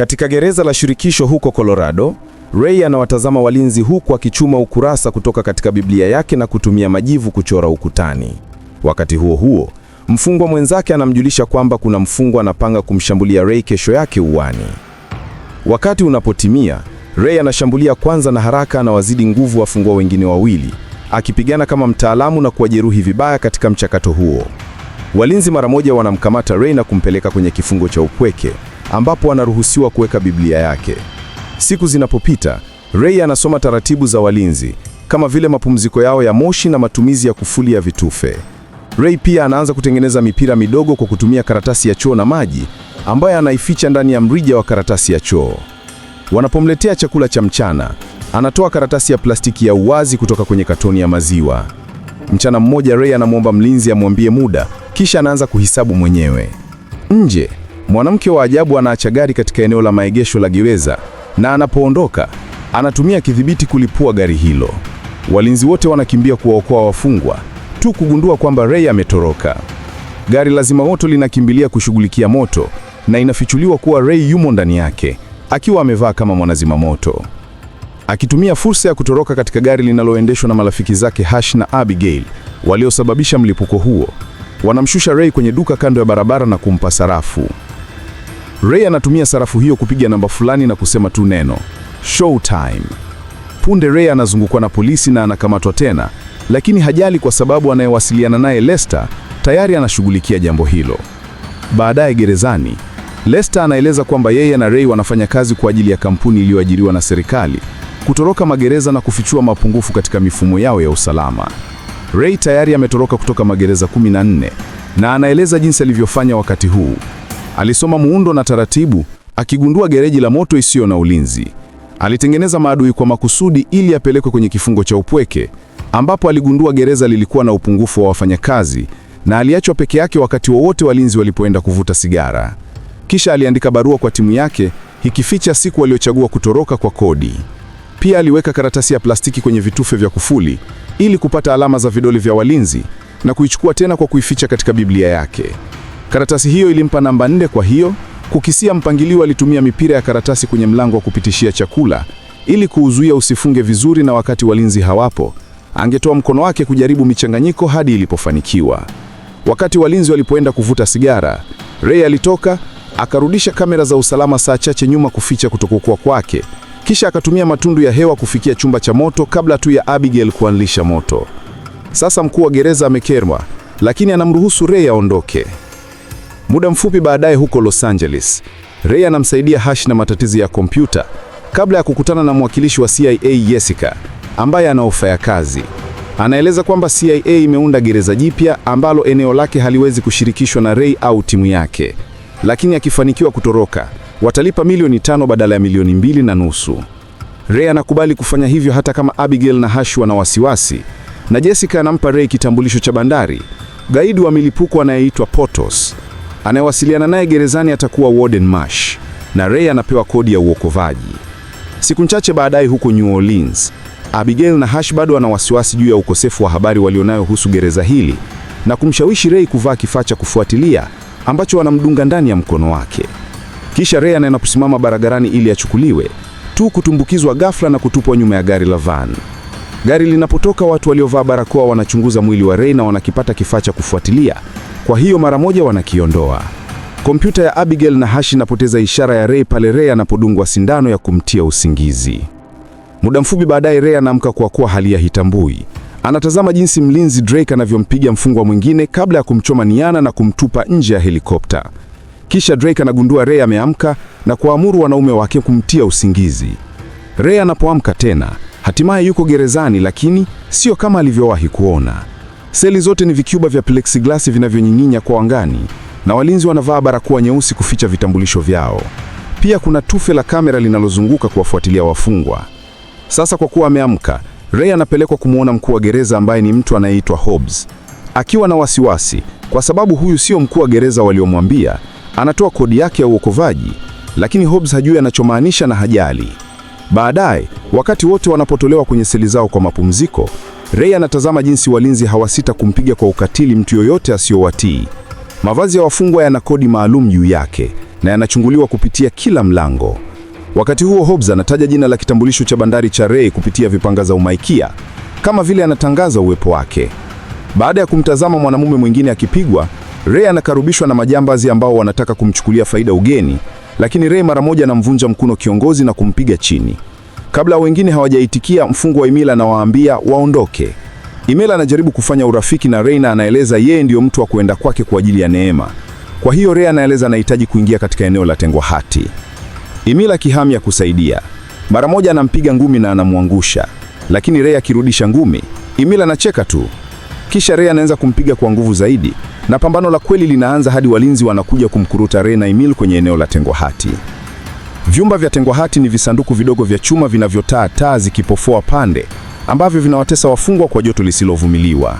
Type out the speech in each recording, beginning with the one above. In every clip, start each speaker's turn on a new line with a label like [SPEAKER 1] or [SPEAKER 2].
[SPEAKER 1] Katika gereza la shirikisho huko Colorado, Ray anawatazama walinzi huku akichuma ukurasa kutoka katika Biblia yake na kutumia majivu kuchora ukutani. Wakati huo huo, mfungwa mwenzake anamjulisha kwamba kuna mfungwa anapanga kumshambulia Ray kesho yake uwani. Wakati unapotimia, Ray anashambulia kwanza na haraka anawazidi nguvu wafungwa wengine wawili, akipigana kama mtaalamu na kuwajeruhi vibaya katika mchakato huo. Walinzi mara moja wanamkamata Ray na kumpeleka kwenye kifungo cha upweke ambapo anaruhusiwa kuweka Biblia yake. Siku zinapopita, Ray anasoma taratibu za walinzi kama vile mapumziko yao ya moshi na matumizi ya kufuli ya vitufe. Ray pia anaanza kutengeneza mipira midogo kwa kutumia karatasi ya choo na maji ambayo anaificha ndani ya mrija wa karatasi ya choo. Wanapomletea chakula cha mchana, anatoa karatasi ya plastiki ya uwazi kutoka kwenye katoni ya maziwa. Mchana mmoja, Ray anamwomba mlinzi amwambie muda, kisha anaanza kuhisabu mwenyewe. Nje, Mwanamke wa ajabu anaacha gari katika eneo la maegesho la Giweza, na anapoondoka anatumia kidhibiti kulipua gari hilo. Walinzi wote wanakimbia kuwaokoa wafungwa, tu kugundua kwamba Ray ametoroka. Gari la zimamoto linakimbilia kushughulikia moto na inafichuliwa kuwa Ray yumo ndani yake akiwa amevaa kama mwanazimamoto. Akitumia fursa ya kutoroka katika gari linaloendeshwa na marafiki zake Hash na Abigail waliosababisha mlipuko huo, wanamshusha Ray kwenye duka kando ya barabara na kumpa sarafu. Ray anatumia sarafu hiyo kupiga namba fulani na kusema tu neno Showtime. Punde Ray anazungukwa na polisi na anakamatwa tena, lakini hajali kwa sababu anayewasiliana naye Lester tayari anashughulikia jambo hilo. Baadaye gerezani, Lester anaeleza kwamba yeye na Ray wanafanya kazi kwa ajili ya kampuni iliyoajiriwa na serikali kutoroka magereza na kufichua mapungufu katika mifumo yao ya usalama. Ray tayari ametoroka kutoka magereza 14 na anaeleza jinsi alivyofanya wakati huu. Alisoma muundo na taratibu, akigundua gereji la moto isiyo na ulinzi. Alitengeneza maadui kwa makusudi ili apelekwe kwenye kifungo cha upweke, ambapo aligundua gereza lilikuwa na upungufu wa wafanyakazi na aliachwa peke yake wakati wowote walinzi walipoenda kuvuta sigara. Kisha aliandika barua kwa timu yake ikificha siku waliochagua kutoroka kwa kodi. Pia aliweka karatasi ya plastiki kwenye vitufe vya kufuli ili kupata alama za vidole vya walinzi na kuichukua tena kwa kuificha katika Biblia yake. Karatasi hiyo ilimpa namba nne. Kwa hiyo kukisia mpangilio, alitumia mipira ya karatasi kwenye mlango wa kupitishia chakula ili kuuzuia usifunge vizuri, na wakati walinzi hawapo, angetoa mkono wake kujaribu michanganyiko hadi ilipofanikiwa. Wakati walinzi walipoenda kuvuta sigara, Ray alitoka akarudisha kamera za usalama saa chache nyuma kuficha kutokuwa kwake, kisha akatumia matundu ya hewa kufikia chumba cha moto kabla tu ya Abigail kuanlisha moto. Sasa mkuu wa gereza amekerwa, lakini anamruhusu Ray aondoke. Muda mfupi baadaye, huko Los Angeles, Ray anamsaidia Hash na matatizo ya kompyuta kabla ya kukutana na mwakilishi wa CIA Jessica, ambaye ana ofa ya kazi. Anaeleza kwamba CIA imeunda gereza jipya ambalo eneo lake haliwezi kushirikishwa na Ray au timu yake, lakini akifanikiwa kutoroka watalipa milioni tano badala ya milioni mbili na nusu. Ray anakubali kufanya hivyo hata kama Abigail na Hash wana wasiwasi, na Jessica anampa Ray kitambulisho cha bandari, gaidi wa milipuko anayeitwa Potos. Anayewasiliana naye gerezani atakuwa Warden Marsh na Ray anapewa kodi ya uokovaji. Siku chache baadaye, huko New Orleans, Abigail na Hash bado wana wasiwasi juu ya ukosefu wa habari walionayo husu gereza hili na kumshawishi Ray kuvaa kifaa cha kufuatilia ambacho wanamdunga ndani ya mkono wake. Kisha Ray anaenda kusimama barabarani ili achukuliwe tu kutumbukizwa ghafla na kutupwa nyuma ya gari la van. Gari linapotoka, watu waliovaa barakoa wanachunguza mwili wa Ray na wanakipata kifaa cha kufuatilia kwa hiyo mara moja wanakiondoa. Kompyuta ya Abigail na Hashi inapoteza ishara ya Ray pale Ray anapodungwa sindano ya kumtia usingizi. Muda mfupi baadaye Ray anaamka kwa kuwa hali ya hitambui. Anatazama jinsi mlinzi Drake anavyompiga mfungwa mwingine kabla ya kumchoma Niana na kumtupa nje ya helikopta. Kisha Drake anagundua Ray ameamka na kuamuru wanaume wake kumtia usingizi. Ray anapoamka tena, hatimaye yuko gerezani lakini sio kama alivyowahi kuona. Seli zote ni vikuba vya plexiglass vinavyonying'inya kwa angani, na walinzi wanavaa barakoa nyeusi kuficha vitambulisho vyao. Pia kuna tufe la kamera linalozunguka kuwafuatilia wafungwa. Sasa kwa kuwa ameamka, Ray anapelekwa kumwona mkuu wa gereza ambaye ni mtu anayeitwa Hobbs. Akiwa na wasiwasi kwa sababu huyu sio mkuu wa gereza waliomwambia, anatoa kodi yake ya uokovaji, lakini Hobbs hajui anachomaanisha na hajali. Baadaye, wakati wote wanapotolewa kwenye seli zao kwa mapumziko, Ray anatazama jinsi walinzi hawasita kumpiga kwa ukatili mtu yoyote asiyowatii. Mavazi ya wafungwa yana kodi maalum juu yake na yanachunguliwa kupitia kila mlango. Wakati huo Hobbs anataja jina la kitambulisho cha bandari cha Ray kupitia vipanga za umaikia, kama vile anatangaza uwepo wake. Baada ya kumtazama mwanamume mwingine akipigwa, Ray anakarubishwa na majambazi ambao wanataka kumchukulia faida ugeni, lakini Ray mara moja anamvunja mkono kiongozi na kumpiga chini. Kabla wengine hawajaitikia, mfungo wa Imila anawaambia waondoke. Imela anajaribu kufanya urafiki na Reina, anaeleza yeye ndiyo mtu wa kuenda kwake kwa ajili ya Neema. Kwa hiyo Rea anaeleza anahitaji kuingia katika eneo la Tengwa Hati. Imila ya kusaidia, mara moja anampiga ngumi na anamwangusha, lakini Rea akirudisha ngumi, Imila anacheka tu. Kisha Rea anaanza kumpiga kwa nguvu zaidi, na pambano la kweli linaanza hadi walinzi wanakuja kumkuruta Rea na Imil kwenye eneo la Tengwa Hati. Vyumba vya tengwa hati ni visanduku vidogo vya chuma vinavyotaa taa zikipofoa pande, ambavyo vinawatesa wafungwa kwa joto lisilovumiliwa.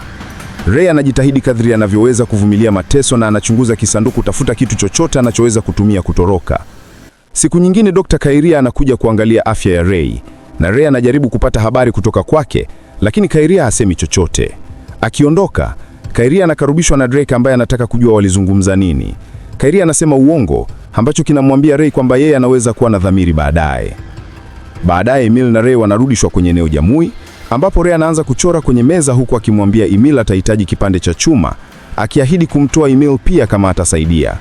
[SPEAKER 1] Ray anajitahidi kadri anavyoweza kuvumilia mateso na anachunguza kisanduku tafuta kitu chochote anachoweza kutumia kutoroka. Siku nyingine Dr. Kairia anakuja kuangalia afya ya Ray na Ray anajaribu kupata habari kutoka kwake, lakini Kairia hasemi chochote. Akiondoka, Kairia anakarubishwa na Drake ambaye anataka kujua walizungumza nini. Kairia anasema uongo ambacho kinamwambia Ray kwamba yeye anaweza kuwa na dhamiri baadaye. Baadaye Emil na Ray wanarudishwa kwenye eneo jamui ambapo Ray anaanza kuchora kwenye meza huku akimwambia Emil atahitaji kipande cha chuma, akiahidi kumtoa Emil pia kama atasaidia.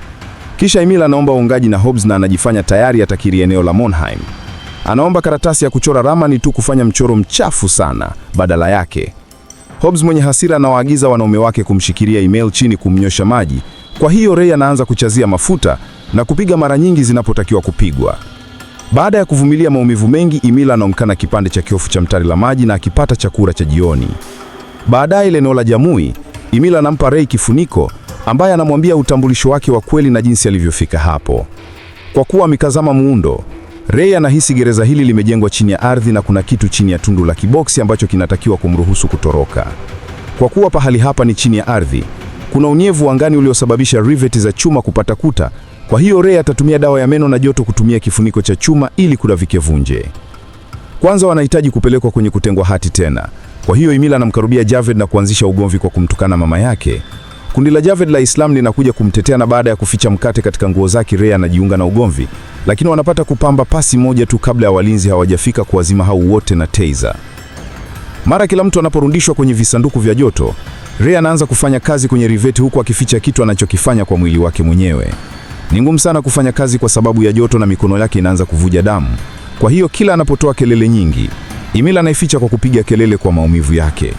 [SPEAKER 1] Kisha Emil anaomba uungaji na Hobbs na anajifanya tayari atakiri eneo la Monheim. Anaomba karatasi ya kuchora ramani tu kufanya mchoro mchafu sana badala yake. Hobbs mwenye hasira anawaagiza wanaume wake kumshikiria Emil chini kumnyosha maji. Kwa hiyo Ray anaanza kuchazia mafuta na kupiga mara nyingi zinapotakiwa kupigwa. Baada ya kuvumilia maumivu mengi, Imila anaonekana kipande cha kiofu cha mtari la maji na akipata chakula cha jioni. Baadaye eneo la Jamui, Imila anampa Rei kifuniko ambaye anamwambia utambulisho wake wa kweli na jinsi alivyofika hapo. Kwa kuwa amekazama muundo, Rei anahisi gereza hili limejengwa chini ya ardhi na kuna kitu chini ya tundu la kiboksi ambacho kinatakiwa kumruhusu kutoroka. Kwa kuwa pahali hapa ni chini ya ardhi, kuna unyevu angani uliosababisha riveti za chuma kupata kuta kwa hiyo Ray atatumia dawa ya meno na joto kutumia kifuniko cha chuma ili kulavike vunje. Kwanza wanahitaji kupelekwa kwenye kutengwa hati tena. Kwa hiyo Imila anamkaribia Javed na kuanzisha ugomvi kwa kumtukana mama yake. Kundi la Javed la Islam linakuja kumtetea na baada ya kuficha mkate katika nguo zake Ray anajiunga na ugomvi, lakini wanapata kupamba pasi moja tu kabla ya walinzi hawajafika kuwazima hao wote na taser. Mara kila mtu anaporundishwa kwenye visanduku vya joto, Ray anaanza kufanya kazi kwenye riveti huku akificha kitu anachokifanya kwa mwili wake mwenyewe. Ni ngumu sana kufanya kazi kwa sababu ya joto na mikono yake inaanza kuvuja damu. Kwa hiyo kila anapotoa kelele nyingi, Imila anaificha kwa kupiga kelele kwa maumivu yake.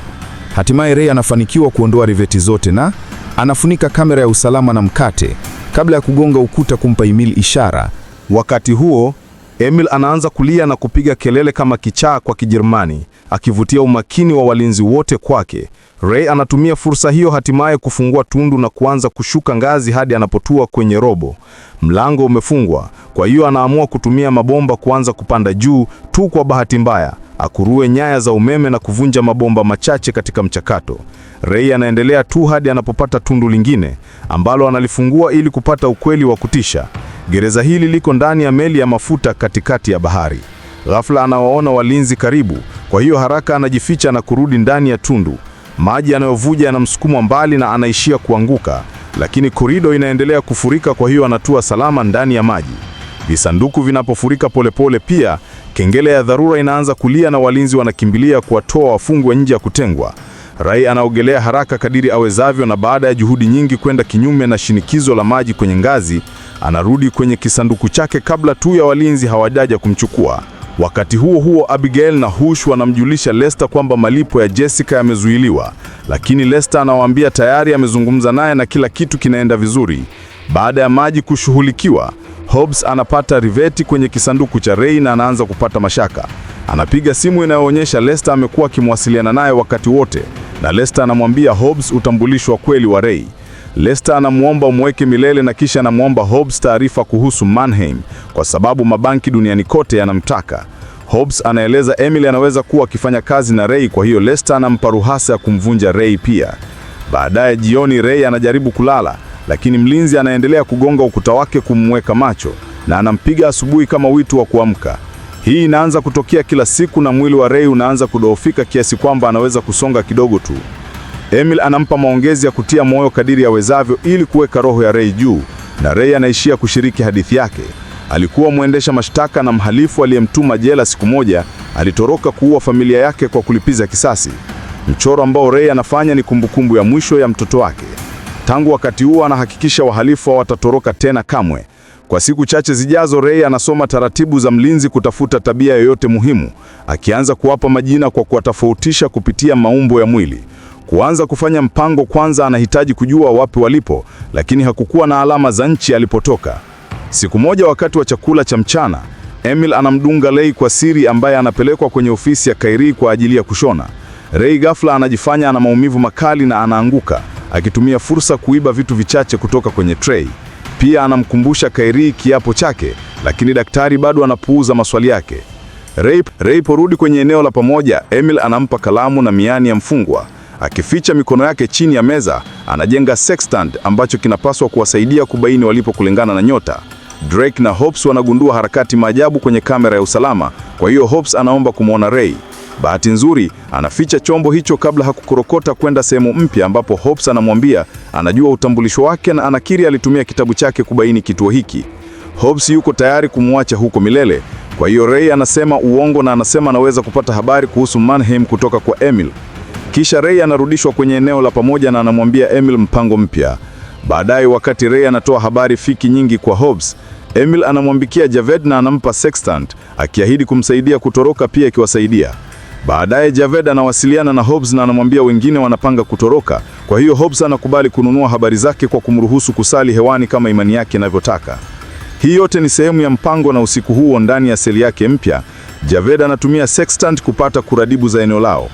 [SPEAKER 1] Hatimaye Ray anafanikiwa kuondoa riveti zote na anafunika kamera ya usalama na mkate kabla ya kugonga ukuta kumpa emil ishara. Wakati huo emil anaanza kulia na kupiga kelele kama kichaa kwa Kijerumani. Akivutia umakini wa walinzi wote kwake, Ray anatumia fursa hiyo hatimaye kufungua tundu na kuanza kushuka ngazi hadi anapotua kwenye robo. Mlango umefungwa, kwa hiyo anaamua kutumia mabomba kuanza kupanda juu tu. Kwa bahati mbaya, akurue nyaya za umeme na kuvunja mabomba machache katika mchakato. Ray anaendelea tu hadi anapopata tundu lingine ambalo analifungua ili kupata ukweli wa kutisha. Gereza hili liko ndani ya meli ya mafuta katikati ya bahari. Ghafla anawaona walinzi karibu kwa hiyo haraka anajificha na kurudi ndani ya tundu. Maji yanayovuja yanamsukumwa mbali na anaishia kuanguka, lakini korido inaendelea kufurika, kwa hiyo anatua salama ndani ya maji. Visanduku vinapofurika polepole pia, kengele ya dharura inaanza kulia na walinzi wanakimbilia kuwatoa wafungwa nje ya kutengwa. Rai anaogelea haraka kadiri awezavyo, na baada ya juhudi nyingi kwenda kinyume na shinikizo la maji kwenye ngazi, anarudi kwenye kisanduku chake kabla tu ya walinzi hawajaja kumchukua. Wakati huo huo, Abigail na Hush wanamjulisha Lester kwamba malipo ya Jessica yamezuiliwa, lakini Lester anawaambia tayari amezungumza naye na kila kitu kinaenda vizuri. Baada ya maji kushughulikiwa, Hobbs anapata riveti kwenye kisanduku cha Ray na anaanza kupata mashaka. Anapiga simu inayoonyesha Lester amekuwa akimwasiliana naye wakati wote, na Lester anamwambia Hobbs utambulisho wa kweli wa Ray. Lester anamwomba umweke milele na kisha anamwomba Hobbs taarifa kuhusu Mannheim kwa sababu mabanki duniani kote yanamtaka. Hobbs anaeleza Emily anaweza kuwa akifanya kazi na Ray, kwa hiyo lester anampa ruhusa ya kumvunja Ray pia. Baadaye jioni, Ray anajaribu kulala, lakini mlinzi anaendelea kugonga ukuta wake kumweka macho na anampiga asubuhi kama wito wa kuamka. Hii inaanza kutokea kila siku na mwili wa Ray unaanza kudhoofika kiasi kwamba anaweza kusonga kidogo tu. Emil anampa maongezi ya kutia moyo kadiri wezavyo ili kuweka roho ya Ray juu, na Ray anaishia kushiriki hadithi yake. Alikuwa mwendesha mashtaka na mhalifu aliyemtuma jela siku moja, alitoroka kuua familia yake kwa kulipiza kisasi. Mchoro ambao Ray anafanya ni kumbukumbu ya mwisho ya mtoto wake. Tangu wakati huo anahakikisha wahalifu hawatatoroka tena kamwe. Kwa siku chache zijazo, Ray anasoma taratibu za mlinzi kutafuta tabia yoyote muhimu, akianza kuwapa majina kwa kuwatofautisha kupitia maumbo ya mwili. Kuanza kufanya mpango, kwanza anahitaji kujua wapi walipo, lakini hakukuwa na alama za nchi alipotoka. Siku moja wakati wa chakula cha mchana, Emil anamdunga Ray kwa siri, ambaye anapelekwa kwenye ofisi ya Kairi kwa ajili ya kushona. Ray ghafla anajifanya ana maumivu makali na anaanguka, akitumia fursa kuiba vitu vichache kutoka kwenye tray. Pia anamkumbusha Kairi kiapo chake, lakini daktari bado anapuuza maswali yake. Ray porudi kwenye eneo la pamoja, Emil anampa kalamu na miani ya mfungwa. Akificha mikono yake chini ya meza, anajenga sextant ambacho kinapaswa kuwasaidia kubaini walipo kulingana na nyota. Drake na Hobbs wanagundua harakati maajabu kwenye kamera ya usalama, kwa hiyo Hobbs anaomba kumwona Ray. Bahati nzuri, anaficha chombo hicho kabla hakukorokota kwenda sehemu mpya ambapo Hobbs anamwambia anajua utambulisho wake na anakiri alitumia kitabu chake kubaini kituo hiki. Hobbs yuko tayari kumwacha huko milele. Kwa hiyo Ray anasema uongo na anasema anaweza kupata habari kuhusu Mannheim kutoka kwa Emil. Kisha Ray anarudishwa kwenye eneo la pamoja na anamwambia Emil mpango mpya. Baadaye, wakati Ray anatoa habari fiki nyingi kwa Hobbs, Emil anamwambikia Javed na anampa sextant akiahidi kumsaidia kutoroka pia akiwasaidia. Baadaye Javed anawasiliana na Hobbs na anamwambia wengine wanapanga kutoroka. Kwa hiyo Hobbs anakubali kununua habari zake kwa kumruhusu kusali hewani kama imani yake inavyotaka. Hii yote ni sehemu ya mpango, na usiku huo ndani ya seli yake mpya, Javed anatumia sextant kupata kuradibu za eneo lao.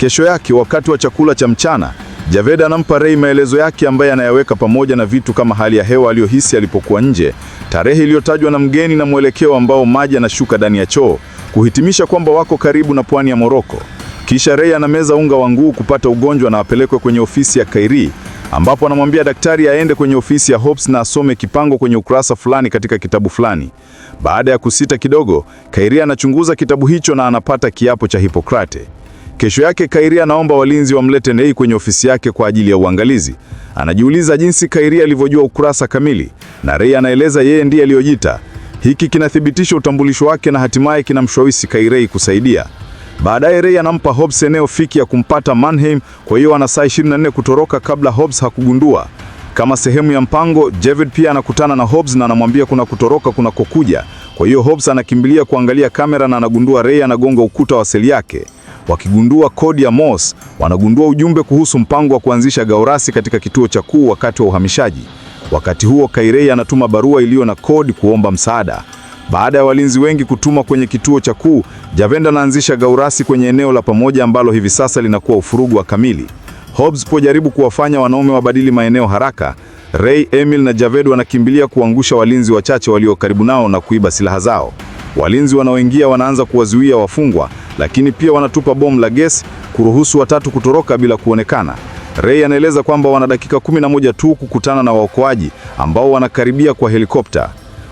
[SPEAKER 1] Kesho yake wakati wa chakula cha mchana, Javed anampa Ray maelezo yake ambaye anayaweka pamoja na vitu kama hali ya hewa aliyohisi alipokuwa nje, tarehe iliyotajwa na mgeni na mwelekeo ambao maji yanashuka ndani ya choo, kuhitimisha kwamba wako karibu na pwani ya Moroko. Kisha Ray anameza unga wa nguu kupata ugonjwa na apelekwe kwenye ofisi ya Kairi, ambapo anamwambia daktari aende kwenye ofisi ya Hobbs na asome kipango kwenye ukurasa fulani katika kitabu fulani. Baada ya kusita kidogo, Kairi anachunguza kitabu hicho na anapata kiapo cha Hipokrate. Kesho yake Kairia anaomba walinzi wamlete Nei kwenye ofisi yake kwa ajili ya uangalizi. Anajiuliza jinsi Kairia alivyojua ukurasa kamili, na Rei anaeleza yeye ndiye aliyojita Hiki kinathibitisha utambulisho wake na hatimaye kinamshawishi Kairei kusaidia. Baadaye Rei anampa Hobbs eneo fiki ya kumpata Mannheim, kwa hiyo ana saa 24 kutoroka kabla Hobbs hakugundua. Kama sehemu ya mpango, Javed pia anakutana na Hobbs na anamwambia kuna kutoroka kunakokuja. Kwa hiyo Hobbs anakimbilia kuangalia kamera na anagundua Rei anagonga ukuta wa seli yake. Wakigundua kodi ya Morse, wanagundua ujumbe kuhusu mpango wa kuanzisha Gaurasi katika kituo cha kuu wakati wa uhamishaji. Wakati huo, Kairei anatuma barua iliyo na kodi kuomba msaada. Baada ya walinzi wengi kutuma kwenye kituo cha kuu, Javenda anaanzisha Gaurasi kwenye eneo la pamoja ambalo hivi sasa linakuwa ufurugu wa kamili. Hobbs pojaribu kuwafanya wanaume wabadili maeneo haraka, Ray, Emil na Javed wanakimbilia kuangusha walinzi wachache walio karibu nao na kuiba silaha zao. Walinzi wanaoingia wanaanza kuwazuia wafungwa, lakini pia wanatupa bomu la gesi kuruhusu watatu kutoroka bila kuonekana. Ray anaeleza kwamba wana dakika kumi na moja tu kukutana na waokoaji ambao wanakaribia kwa helikopta.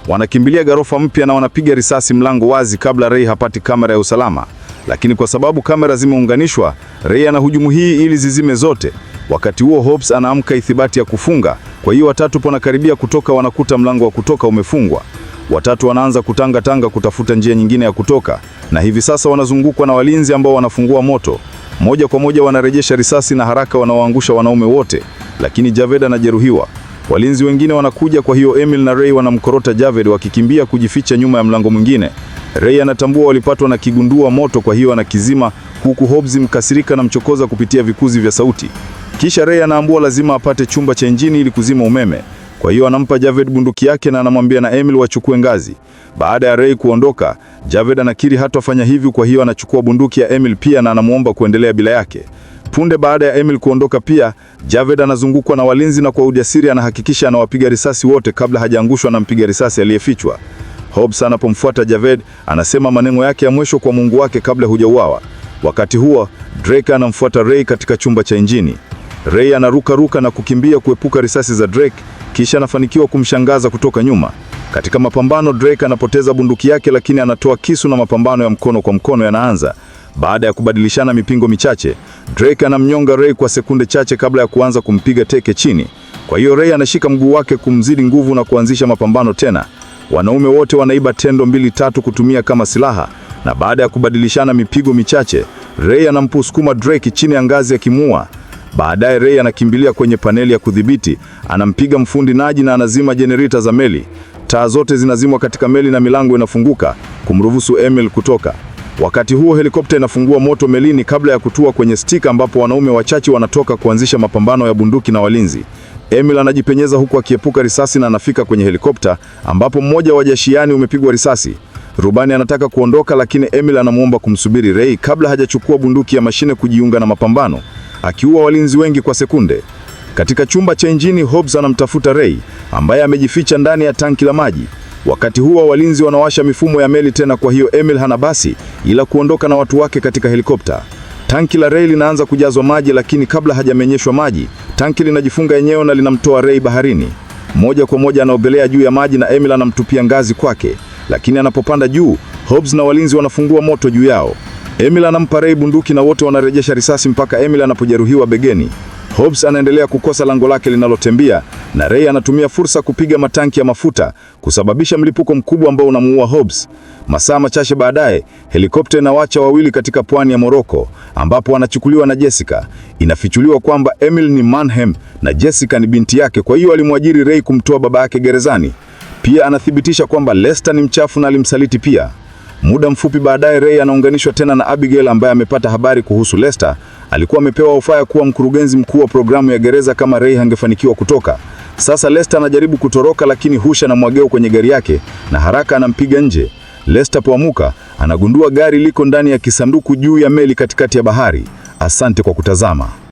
[SPEAKER 1] Wanakimbilia ghorofa mpya na wanapiga risasi mlango wazi kabla Ray hapati kamera ya usalama, lakini kwa sababu kamera zimeunganishwa, Ray anahujumu hii ili zizime zote. Wakati huo Hobbs anaamka ithibati ya kufunga, kwa hiyo watatu ponakaribia kutoka, wanakuta mlango wa kutoka umefungwa. Watatu wanaanza kutangatanga kutafuta njia nyingine ya kutoka, na hivi sasa wanazungukwa na walinzi ambao wanafungua moto moja kwa moja. Wanarejesha risasi na haraka wanaoangusha wanaume wote, lakini Javed anajeruhiwa. Walinzi wengine wanakuja, kwa hiyo Emil na Ray wanamkorota Javed wakikimbia kujificha nyuma ya mlango mwingine. Ray anatambua walipatwa na kigundua moto, kwa hiyo anakizima, huku Hobbs mkasirika na mchokoza kupitia vikuzi vya sauti. Kisha Ray anaambua lazima apate chumba cha injini ili kuzima umeme. Kwa hiyo anampa Javed bunduki yake na anamwambia na Emil wachukue ngazi. Baada ya Ray kuondoka, Javed anakiri hatafanya hivi kwa hiyo anachukua bunduki ya Emil pia na anamwomba kuendelea bila yake. Punde baada ya Emil kuondoka pia, Javed anazungukwa na walinzi na kwa ujasiri anahakikisha anawapiga risasi wote kabla hajaangushwa na mpiga risasi aliyefichwa. Hobbs anapomfuata Javed anasema maneno yake ya mwisho kwa Mungu wake kabla hujauawa. Wakati huo Drake anamfuata Ray katika chumba cha injini. Ray anaruka ruka na kukimbia kuepuka risasi za Drake kisha anafanikiwa kumshangaza kutoka nyuma. Katika mapambano, Drake anapoteza bunduki yake, lakini anatoa kisu na mapambano ya mkono kwa mkono yanaanza. Baada ya kubadilishana mipingo michache, Drake anamnyonga Ray kwa sekunde chache kabla ya kuanza kumpiga teke chini. Kwa hiyo Ray anashika mguu wake kumzidi nguvu na kuanzisha mapambano tena. Wanaume wote wanaiba tendo mbili tatu kutumia kama silaha, na baada ya kubadilishana mipigo michache, Ray anampusukuma Drake chini ya ngazi ya kimua. Baadaye Ray anakimbilia kwenye paneli ya kudhibiti, anampiga mfundi Naji na anazima jenerita za meli. Taa zote zinazimwa katika meli na milango inafunguka kumruhusu Emil kutoka. Wakati huo helikopta inafungua moto melini kabla ya kutua kwenye stika, ambapo wanaume wachache wanatoka kuanzisha mapambano ya bunduki na walinzi. Emil anajipenyeza huku akiepuka risasi na anafika kwenye helikopta ambapo mmoja wa jashiani umepigwa risasi. Rubani anataka kuondoka, lakini Emil anamwomba kumsubiri Ray kabla hajachukua bunduki ya mashine kujiunga na mapambano akiua walinzi wengi kwa sekunde. Katika chumba cha injini, Hobbs anamtafuta Ray ambaye amejificha ndani ya tanki la maji. Wakati huo walinzi wanawasha mifumo ya meli tena, kwa hiyo Emil hana basi ila kuondoka na watu wake katika helikopta. Tanki la Ray linaanza kujazwa maji, lakini kabla hajamenyeshwa maji, tanki linajifunga yenyewe na linamtoa Ray baharini. Moja kwa moja anaogelea juu ya maji na Emil anamtupia ngazi kwake, lakini anapopanda juu, Hobbs na walinzi wanafungua moto juu yao. Emil anampa Ray bunduki na wote wanarejesha risasi mpaka Emil anapojeruhiwa begeni. Hobbs anaendelea kukosa lango lake linalotembea na Ray anatumia fursa kupiga matanki ya mafuta kusababisha mlipuko mkubwa ambao unamuua Hobbs. Masaa machache baadaye, helikopta inawacha wawili katika pwani ya Moroko ambapo wanachukuliwa na Jessica. Inafichuliwa kwamba Emil ni Manhem na Jessica ni binti yake, kwa hiyo alimwajiri Ray kumtoa baba yake gerezani. Pia anathibitisha kwamba Lester ni mchafu na alimsaliti pia. Muda mfupi baadaye, Ray anaunganishwa tena na Abigail ambaye amepata habari kuhusu Lester. Alikuwa amepewa ofa ya kuwa mkurugenzi mkuu wa programu ya gereza kama Ray hangefanikiwa kutoka. Sasa Lester anajaribu kutoroka, lakini Husha mwageo kwenye gari yake na haraka anampiga nje. Lester poamuka, anagundua gari liko ndani ya kisanduku juu ya meli katikati ya bahari. Asante kwa kutazama.